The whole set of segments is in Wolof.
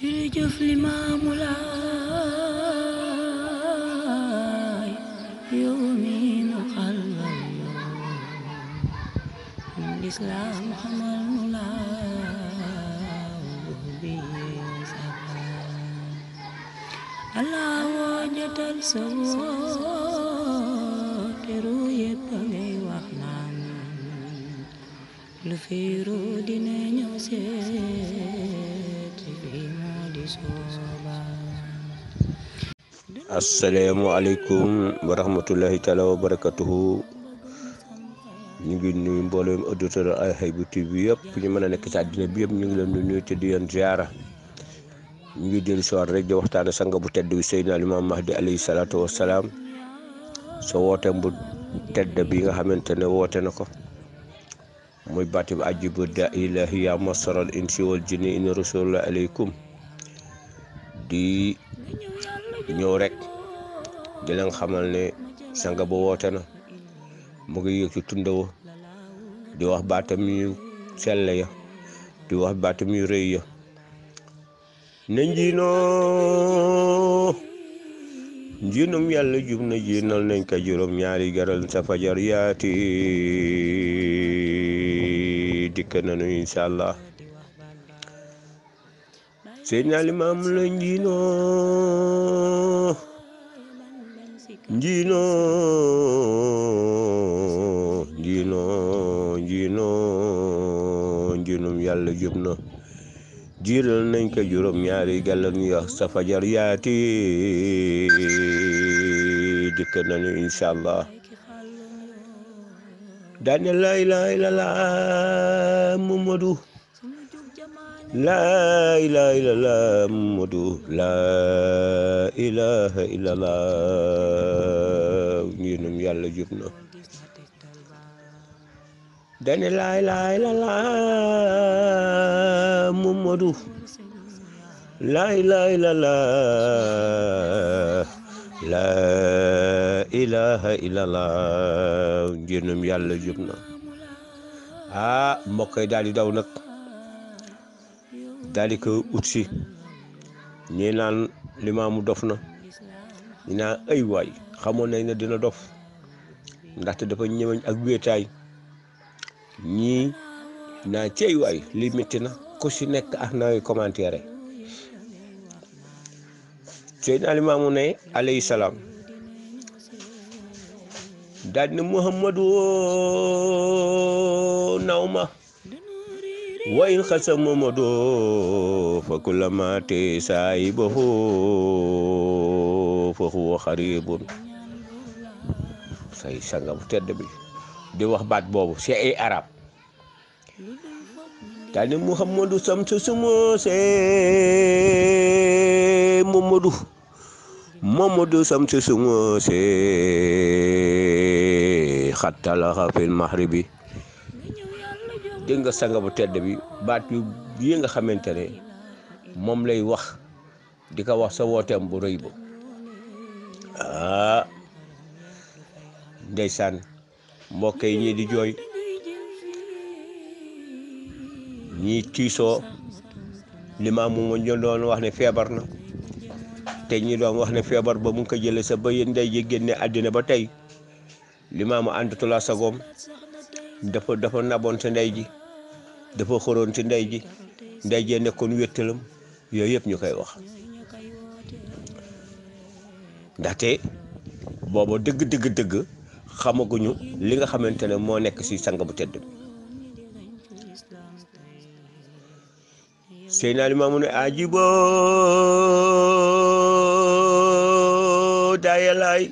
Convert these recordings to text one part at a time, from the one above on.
jërëjëf Limaamu Laay yow mi nu xalal lislaam xamal nu laaw bi saba Allah woo jotal sa woo teru yëpp ngay wax naan lu fiiru dina ñëw seet asalaamaaleykum wa rahmatullahi taala wa barakatuhu ñu ngi nuyu mboolem auditeur ay Haïbou TV bi yëpp ñu mën a nekk ci àddina bi yëpp ñu ngi leen di nuyu te di leen ziara ñu ngi dellu si rek di waxtaan sang bu tedd bi Seydina Limaam Mahdi alayhi salaatu wa salaam so woote bu tedd bi nga xamante ne woote na ko muy batib ajibu da ilahi ya masaral insi wal jinni in rasulullah aleykum di ñëw rek di leen xamal ne sanga ba woote mu ngi yëg ci di wax baatam yu sell ya di wax baatam yu rëy ya na njiinoo njiinum yàlla jub na jiinal nañ ko juróom ñaari garal sa fajar yaati dikk nañu incha allah Seydina Limaamu la njiino njiino njiino njiino njiinum yàlla jub na jiiral nañ ko juróom ñaari gàllan ya sa yaati dikk nañu incha daal ne laa ilaha illallah Muhammadu laa laa ilaha illallah ñeenum yàlla jub na daal laa ilaha illallah Muhammadu laa ilaha illallah njéenam yàlla jub na ah mbokk yi daal di daw nag daal di ko ut si ñi naan limaamu dof na ñi ay waay xamoon na ne dina dof ndaxte dafa ñëweñ ak wéetaay ñii naa cey li métti na ku si nekk ak nooy commentaire Seydina Limaamu ne alayhi salaam daaj na muhammadu naw ma wa in xasa mamado fa kullama te saahibahu fa huwa xaribun say sanga bu tedd bi di wax baat boobu ci ay arab daaj muhammadu sam sa sumo se mamadou mamadou sam sa sumo se xattalaxa fil mahribi dégg nga sanga bu tedd bi baat yu yi nga xamante ne moom lay wax di ko wax sa wooteem bu rëy ba aa ah, ndeysaan mbokk yi ñii di jooy ñi tiisoo limaam mu ñu doon wax ne feebar na te ñi doon wax ne feebar ba mu ngi ko jëlee sa ba ndey ji génne àddina ba tey limaamu àndatula sagoom dafa dafa naboon te ndey ji dafa xoroon te ndey ji ndey jee nekkoon wéttalam yooyu yëpp ñu koy wax ndaxte booba dëgg dëgg dëgg xamaguñu li nga xamante ne moo nekk ci sang bu tedd bi sëy naa limaamu ne ajibo daayalaay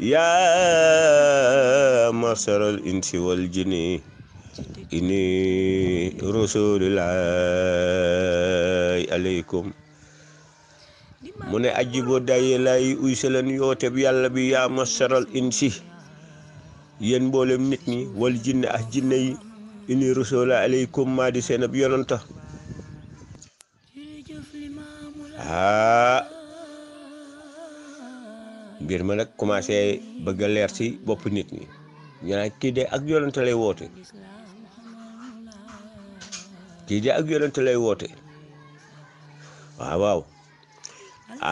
يا معشر الإنس والجن إني رسول الله عليكم mu ne ajibo daye lay uy salan yoote bi yàlla bi yaa masaral insi yéen mboolem nit ñi wal jinne ak jinne yi ini rasula aleykum maa di seen ab yonanta aa mbir ma nag commencé bëgg a leer ci bopp nit ñi ñu kii de ak yonente lay woote kii de ak yonente lay woote waaw waaw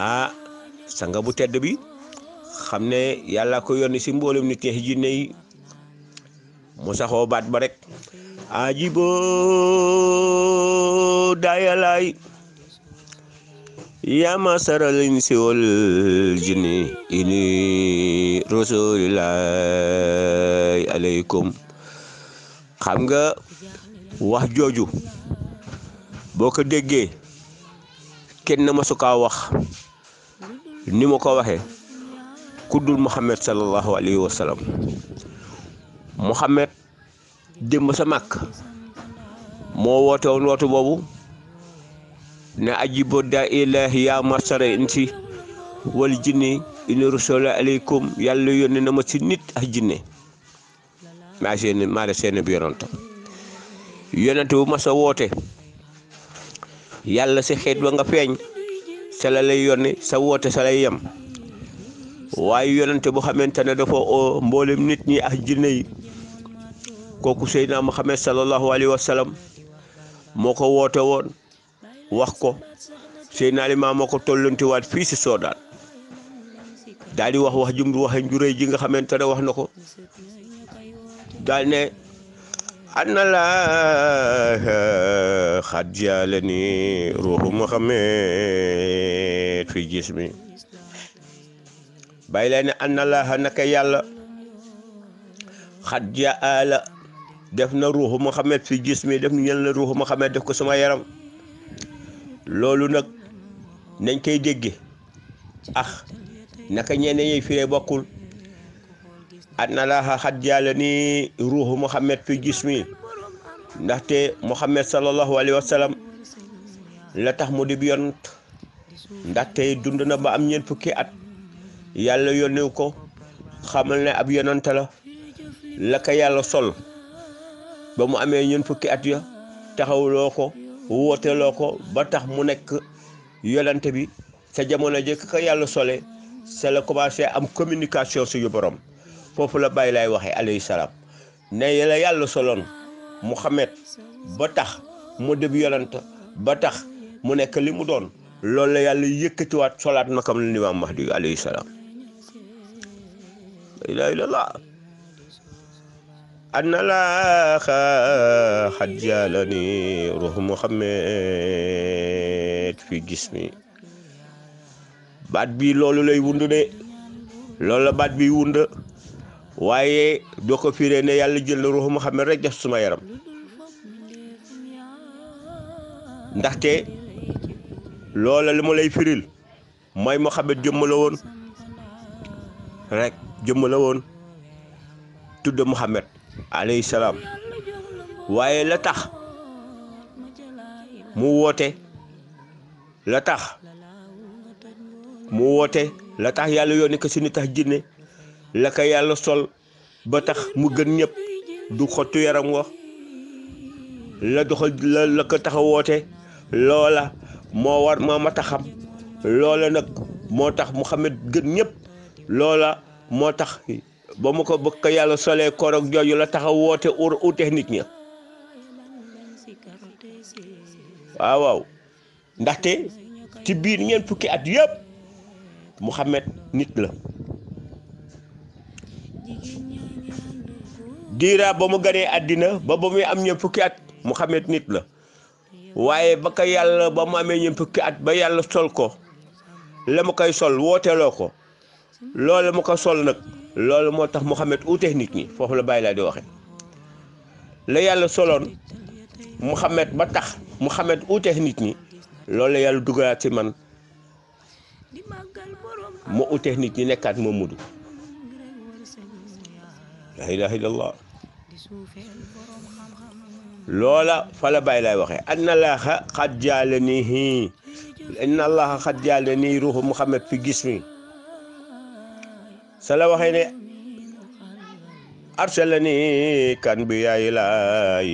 ah, sanga bu tedd bi xam ne yàlla ko yónni ci mboolem nit ñi jinne yi mu saxoo baat ba rek ajibo dayalaay يا معشر الإنس والجن إني رسول الله عليكم xam nga wax jooju boo ko déggee kenn mësu kaa wax ni ma ko waxee ku dul Muhammad sallallahu alayhi wa sallam Muhammad démb sa moo woote woon wootu boobu na ajibo da ilahi ya inti wal jinne ina rusula aleykum yàlla yónne na ma ci nit ak jinne maa seen maa la seen bi yonanto bu mas a woote yàlla si xeet ba nga feeñ sa la lay yónne sa woote sa lay waaye yonante bu xamante ne dafa oo mboolem nit ñi ak jinne yi kooku Seydina mu sallallahu alayhi wa sallam moo ko woote woon wax ko Seydina Limaamu moo ko tollantiwaat fii si Soodaan daal di wax wax jum waxe njuréy ji nga xamante ne wax na ko daal ne anna laa xad jaale ni ruuxu Muhammad fi gis mi bàyyi lay ne na laa naka yàlla xad jaala def na ruuxu Muhammad fi gis mi def na ñel na ruuxu Muhammad def ko sama yaram loolu nag nañ koy dégge ax naka ñenn ñuy firee bokkul anna laaha xat jaale ni ruuxu muhammad fi jismi ndaxte muhammad sallallahu alayhi wa sallam la tax mu dib yonent ndaxte dund na ba am ñeent fukki at yàlla yónni ko xamal ne ab yonante la la yàlla sol ba mu amee ñeent fukki at ya taxawloo ko wooteeloo ko ba tax mu nekk yolente bi sa jamono jëkk ka yàlla sole sa la commencé am communication suñu borom foofu la bàyyi laay waxee alayhi salaam ne la yàlla soloon Muhammad ba tax mu dëb yolente ba tax mu nekk li mu doon loolu la yàlla yëkkatiwaat solaat makam la Imaam Mahdi alayhi salaam la ilaha illallah أن الأخ قد جالني روح fi gis جسمي baat bi loolu lay wund de la baat bi wund waaye doo ko firee ne yàlla jël na ruuxu Muhammad rek def suma yaram ndaxte loola li lay firil mooy Muhammad jëmm woon rek jëmm woon tudd Muhammad alayhi salaam waaye la tax mu woote la tax mu woote la tax yàlla yónni ko si ni tax jinne la ko yàlla sol ba tax mu gën ñëpp du xottu yaram wa la doxal la la ko taxa woote loola moo war moo mat a xam loola nag moo tax Muhammad gën ñëpp loola moo tax ba mu ko bëgg yàlla solee korog jooju la taxaw woote ur ute nit ña waaw ndaxte ci biir ñeent fukki at yëpp Muhammad nit la diira ba mu ganee àddina ba ba muy am ñeent fukki at Muhammad nit la waaye ba ko yàlla ba mu amee ñeent fukki at ba yàlla sol ko la mu koy sol wooteloo ko loolu mu ko sol nag loolu moo tax Mouhamed uute nit ñi foofu la bàyyi laa di waxe la yàlla soloon Mouhamed ba tax Mouhamed uute nit ñi loolu la yàlla dugalaat ci man mu uute nit nekkaat moom mudu la ilaha illallah loola fa la bàyyi laay waxee anna laaxa xat jaale nii inna allaha xat jaale nii ruuxu Mouhamed fi gis mi sala waxee ne arsalani kan bi yaay laay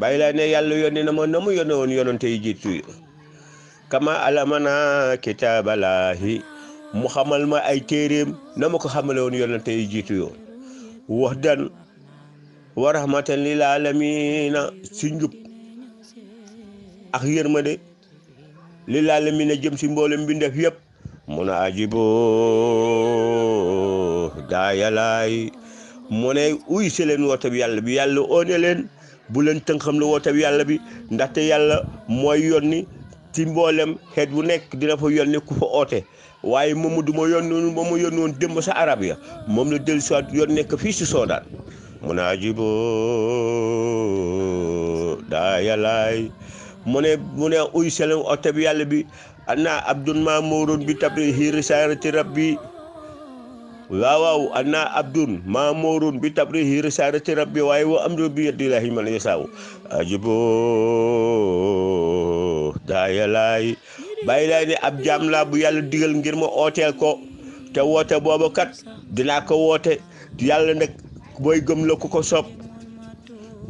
bàyyi laa ne yàlla yónni na ma na mu yónne woon yonante yi jiitu kama alamana kitaabalaahi mu xamal ma ay téeréem na ko xamale woon yonante yi jiitu yo wax dan wa rahmatan lil alamina si njub ak yërmande lil alamina jëm si mboolem bi ndef yëpp mun a ajiboo daa yalaay mu ne uy leen woote bi yàlla bi yàlla oone leen bu leen tënkam la woote bi yàlla bi ndaxte yàlla mooy yonni ci mboolem xeet bu nekk dina fa yonni ku fa oote waaye moomu du ma yónnoon moom ma yónnoon démb sa arab ya moom la dellu si yoon nekk fii si Soodaan mu ne ajiboo daa yalaay mu ne mu ne uy bi yàlla bi ana abdun mamurun bi tabrihi risalati rabbi waaw waaw ana abdun mamurun bi tabrihi risalati rabbi waaye wa amru bi yadillahi man yasaaw ajibo daaya laay bàyyi laay ne ab jaam laa bu yàlla digal ngir ma ooteel ko te woote booba kat dinaa ko woote yàlla nag mooy gëm la ku ko soob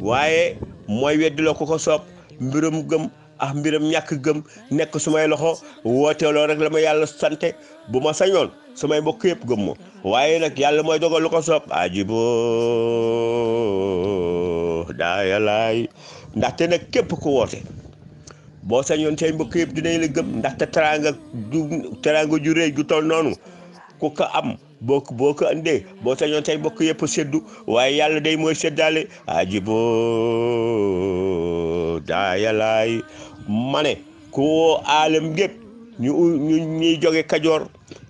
waaye mooy weddi la ku ko soob mbirum gëm ah mbiram ñàkk gëm nekk sumay may loxo wooteeloo rek la ma yàlla sante bu ma sañoon su may mbokk yëpp gëm waaye nag yàlla mooy dogal ko soob ajibo daa yàllaay ndaxte nag képp ku woote boo sañoon say mbokk yëpp dinañ la gëm ndaxte teraanga ju teraanga ju réy noonu ku ko am boo boo ko andee boo sañoon say mbokk yëpp seddu waaye yàlla day mooy seddaale ajibo daa ma ne ku woo aalam gépp ñu ñu ñuy joge kajoor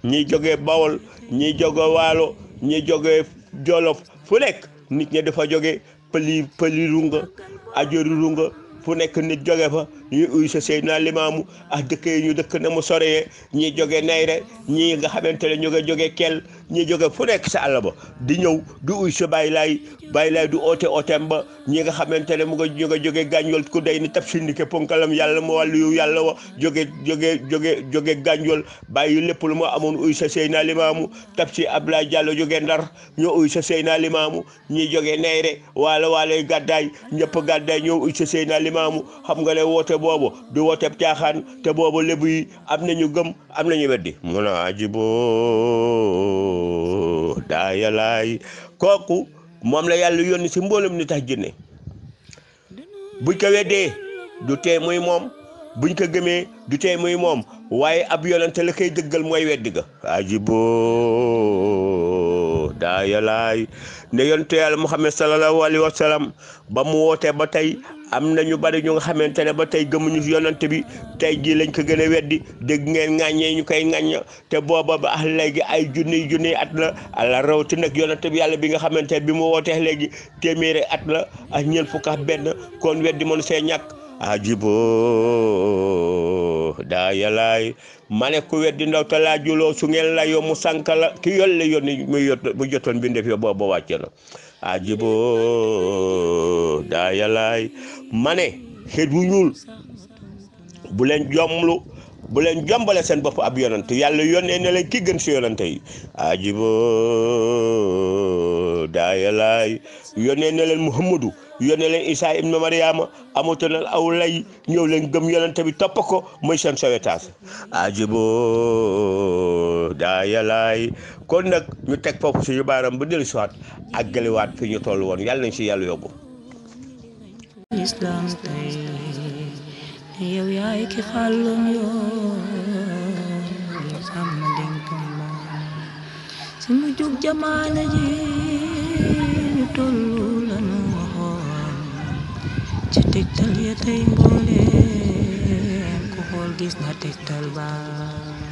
ñuy joge bawol ñuy joge waalo ñi joge jolof fu nekk nit ñi dafa joge pëli pëli runga ajori runga fu nekk nit joge fa ñuy uy sa Seydina Limaamu ah dëkk ñu dëkk na mu soreyee ñi joge nayre ñi nga xamante ne ñu nga joge kel ñi jóge fu nekk sa àll ba di ñëw du uy sa bàyyi laay bàyyi laay du ote ooteem ba ñi nga xamante ne mu nga ñu nga jóge gànjool ku day ni tab sindike ponkalam yàlla ma wàllu yu yàlla wa jóge jóge jóge jóge gànjool bàyyi lépp lu ma amoon uy sa sëy naa limaamu tab si Abdoulaye jallo joge ndar ñoo uy sa sëy naa limaamu joge jóge waalo waala waala gàddaay ñëpp gàddaay ñoo uy sa sëy naa limaamu xam nga ne woote boobu du woote caaxaan te boobu lébu yi am nañu gëm am nañu weddi mun a ajiboo daaya laay kooku moom la yàlla yónni si mboolem ni tax jinne buñ ko weddee du tee muy moom buñ ko gëmee du tee muy moom waaye ab yonante la koy dëggal mooy weddi ga ajiboo daaya laay ne yonte yàlla muhammad sallallahu alayhi wa ba mu wootee ba tey am na ñu bari ñu nga xamante ne ba tey gëmuñu yonante bi tey jii lañ ko gën a weddi dégg ngeen ŋàññee ñu koy ŋàññ te booba ba ah léegi ay junni junni at la ala rawti nag yonante bi yàlla bi nga xamante bi mu wootee léegi téeméeri at la ak ñeent fukk benn kon weddi mënu see ñàkk ajibo daa yalaay ma ne ku weddi ndaw te juloo su ngeen la yow mu sànk la ki yolle yónni yoon yot mu jotoon bi ndef yo booba wàcce na ajiboo daa yàllaay ma ne xeet wu ñuul bu leen jomlu bu leen jombale seen bopp ab yonante yàlla yónnee ne leen ki gën si yonante yi ajiboo daa yàllaay yónnee ne leen muhammadu yónnee leen Isaa ibnu Mariyaama amatoonal aw lay ñëw leen gëm yonente tamit topp ko mooy seen sauvetage ajibo daa yalaay kon nag ñu teg foofu suñu baaram ba dellu siwaat ak gëliwaat fi ñu toll woon yàlla nañ si yàlla yóbbu si mu jug jamaana ji ñu toll ca Tektal ya tey mboolem gis nga Tektal ba